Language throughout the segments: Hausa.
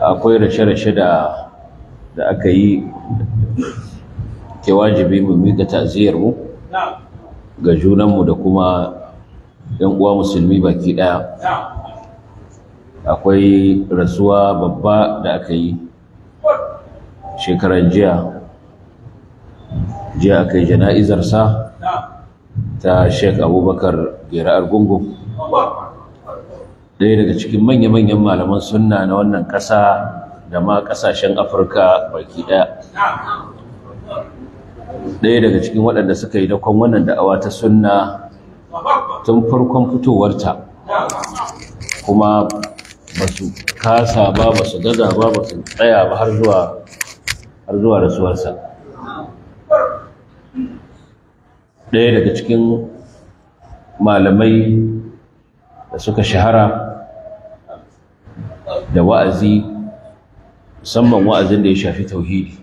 akwai rashe-rashe da da aka yi ke wajibi mu miƙa ta'ziyar mu ga junanmu da kuma yan uwa musulmi baki ɗaya akwai rasuwa babba da aka yi shekaran jiya jiya aka yi jana'izarsa ta sheik abubakar gera Argungu. ɗaya daga cikin manya-manyan malaman sunna na wannan ƙasa da ma ƙasashen afirka baki ɗaya ɗaya daga cikin waɗanda suka yi dakon wannan da'awa ta sunna tun farkon fitowarta kuma ba su kasa ba ba su gaza ba ba su tsaya ba har zuwa har zuwa rasuwarsa ɗaya daga cikin malamai da suka shahara da wa'azi musamman wa'azin da ya shafi tauhidi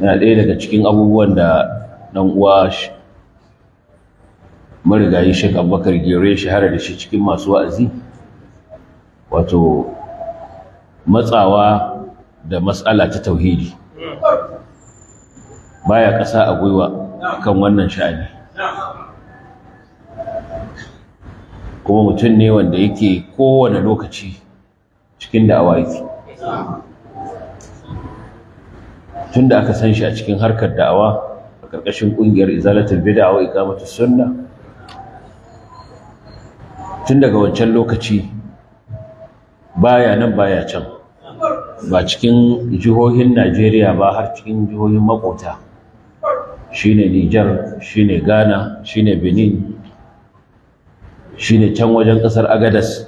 na ɗaya daga cikin abubuwan da ɗan uwa marigayi shek abubakar gero shahara da shi cikin masu wa'azi wato matsawa da matsala ta tauhidi baya ƙasa a gwiwa kan wannan sha'ani kuma mutum ne wanda yake kowane lokaci cikin yake tun aka san shi a cikin harkar da'awa a ƙarƙashin ƙungiyar izalatul bid'a wa iqamatus sunna tun daga wancan lokaci baya nan baya can ba cikin jihohin Najeriya ba har cikin jihohin makota shine Niger shine Ghana shine Benin shine can wajen ƙasar Agadas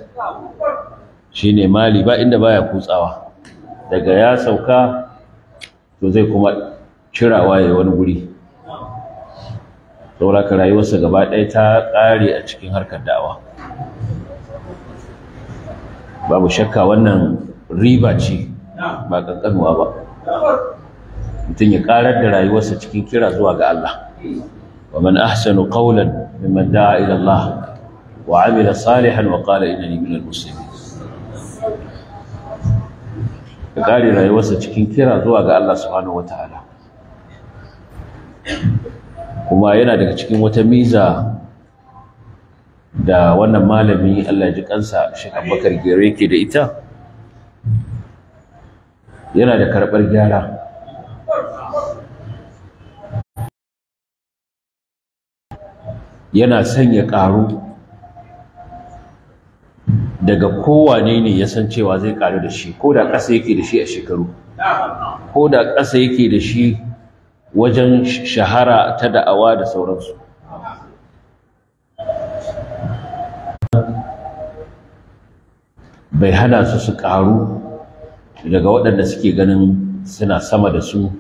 shine mali ba inda baya kutsawa daga ya sauka to zai kuma cirawa ya wani guri sauraka ka rayuwarsa gaba ɗaya ta ƙare a cikin harkar da'awa babu shakka wannan riba ce ba ƙanƙanuwa ba mutum ya ƙarar da rayuwarsa cikin kira zuwa ga Allah wa man ahsanu qawlan mimman da'a ila Allah wa amila salihan wa qala innani minal muslimin ka kare rayuwarsa cikin kira zuwa ga Allah subhanahu wataala kuma yana daga cikin wata miza da wannan malami Allah ji kansa shi Abubakar Gere yake da ita yana da karɓar gyara yana son ya ƙaru daga kowane ne ya san cewa zai karu da shi ko da ƙasa yake da shi a shekaru ko da ƙasa yake da shi wajen shahara ta da'awa da sauransu bai hana su su ƙaru daga waɗanda suke ganin suna sama da su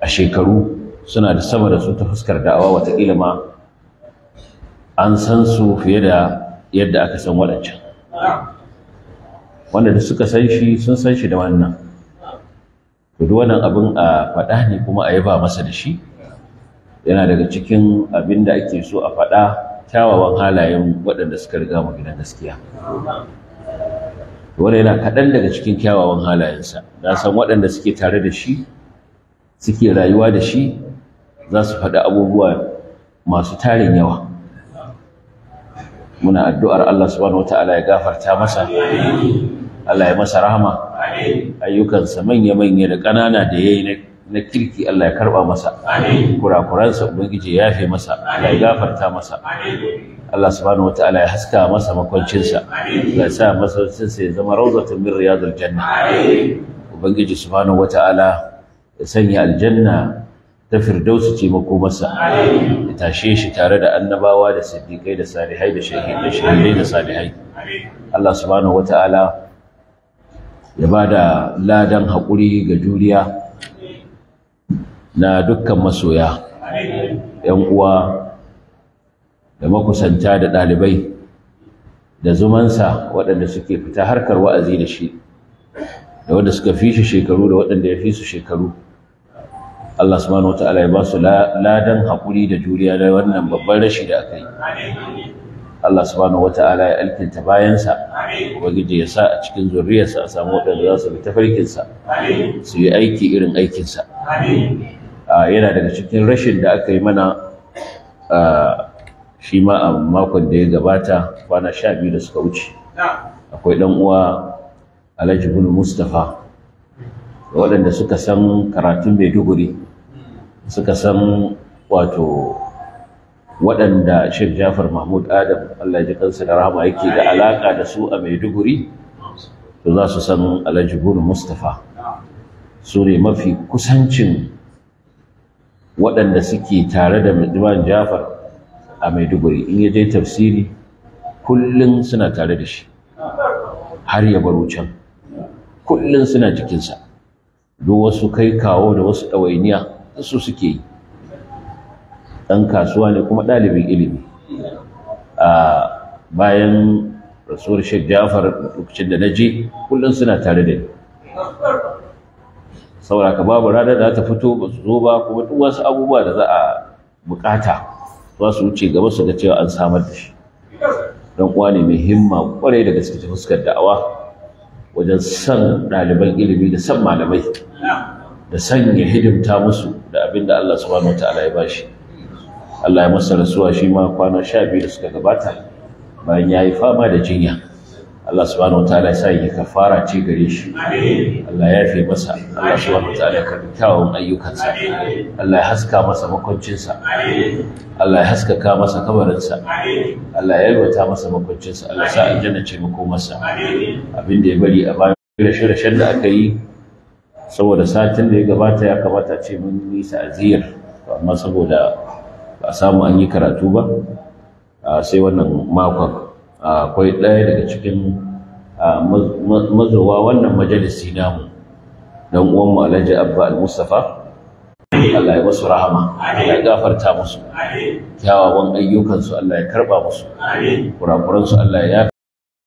a shekaru suna da sama da su ta fuskar da'awa wata ilima an san su fiye da yadda aka san waɗancan wanda da suka san shi sun san shi da wannan to duk wannan abin a faɗa ne kuma a yaba masa da shi yana daga cikin abin da ake so a faɗa kyawawan halayen waɗanda suka riga mu gidan gaskiya wannan yana kaɗan daga cikin kyawawan halayensa na san waɗanda suke tare da shi suke rayuwa da shi za su faɗi abubuwa masu tarin yawa muna addu'ar Allah subhanahu wataala ya gafarta masa Allah ya masa rahama ayyukansa manya-manya da ƙanana da yayi na kirki Allah ya karba masa kurakuransa ubangiji ya yafe masa Allah ya gafarta masa Allah subhanahu ya haska masa makoncinsa, ya sa masaukinsa ya zama rawzatun min riyadil janna ubangiji subhanahu wataala ya sanya aljanna ta firdausu ce makomarsa ya tashe shi tare da annabawa da siddiƙai da salihai da shahidai da salihai Allah subhanahu wata'ala ya ba da ladan haƙuri ga juriya na dukkan masoya ‘yan uwa da makusanta da ɗalibai da zumansa waɗanda suke fita harkar wa'azi da shi da wanda suka fi shi shekaru da waɗanda ya fi su shekaru Allah subhanahu wataala ya ba su ladan hakuri da juriya da wannan babban rashi da aka yi Allah subhanahu wataala ya alkinta bayansa ubangiji ya sa a cikin zuriyarsa a samu waɗanda za su bi tafarkinsa su yi aiki irin aikinsa yana daga cikin rashin da aka yi mana shi ma a makon da ya gabata kwana sha biyu da suka wuce akwai ɗan uwa alhaji bin mustapha waɗanda suka san karatun maiduguri suka san wato waɗanda Sheikh Jafar Mahmud Adam Allah ji kansa da rahama yake da alaƙa da su a Maiduguri to za su san Alhaji Guru Mustapha su ne mafi kusancin waɗanda suke tare da Imam Jafar a Maiduguri in ya je tafsiri kullum suna tare da shi har ya baro can kullum suna jikinsa duk wasu kai kawo da wasu ɗawainiya su suke yi ɗan kasuwa ne kuma ɗalibin ilimi a bayan rasuwar shek jafar lokacin da na je kullum suna tare da ni saboda ka babu rana da ta fito ba su zo ba kuma duk wasu abubuwa da za a bukata za su wuce gaba su ga cewa an samar da shi don uwa ne mai himma kwarai da gaske ta fuskar da'awa wajen san ɗaliban ilimi da san malamai da sanya hidimta musu da abin da Allah subhanahu wataala ya bashi Allah ya masa rasuwa shi ma kwana sha biyu da suka gabata bayan ya yi fama da jinya Allah subhanahu wataala ya sa yi kafara ce gare shi Allah ya yafe masa Allah subhanahu wataala ya karbi kyawun ayyukansa Allah ya haska masa makwancinsa Allah ya haskaka masa kabarinsa Allah ya yalwata masa makwancinsa Allah ya sa aljanna ce makomarsa abin da ya bari a bayan rashe-rashen da aka yi saboda satin da ya gabata ya kamata ce mun yi ta'aziyar amma saboda ba samu an yi karatu ba sai wannan makon akwai ɗaya daga cikin mazowa wannan majalisi namu dan uwanmu alhaji abba al-mustafa Allah ya musu rahama ya gafarta musu kyawawan ayyukansu Allah ya karba musu kurakuransu Allah ya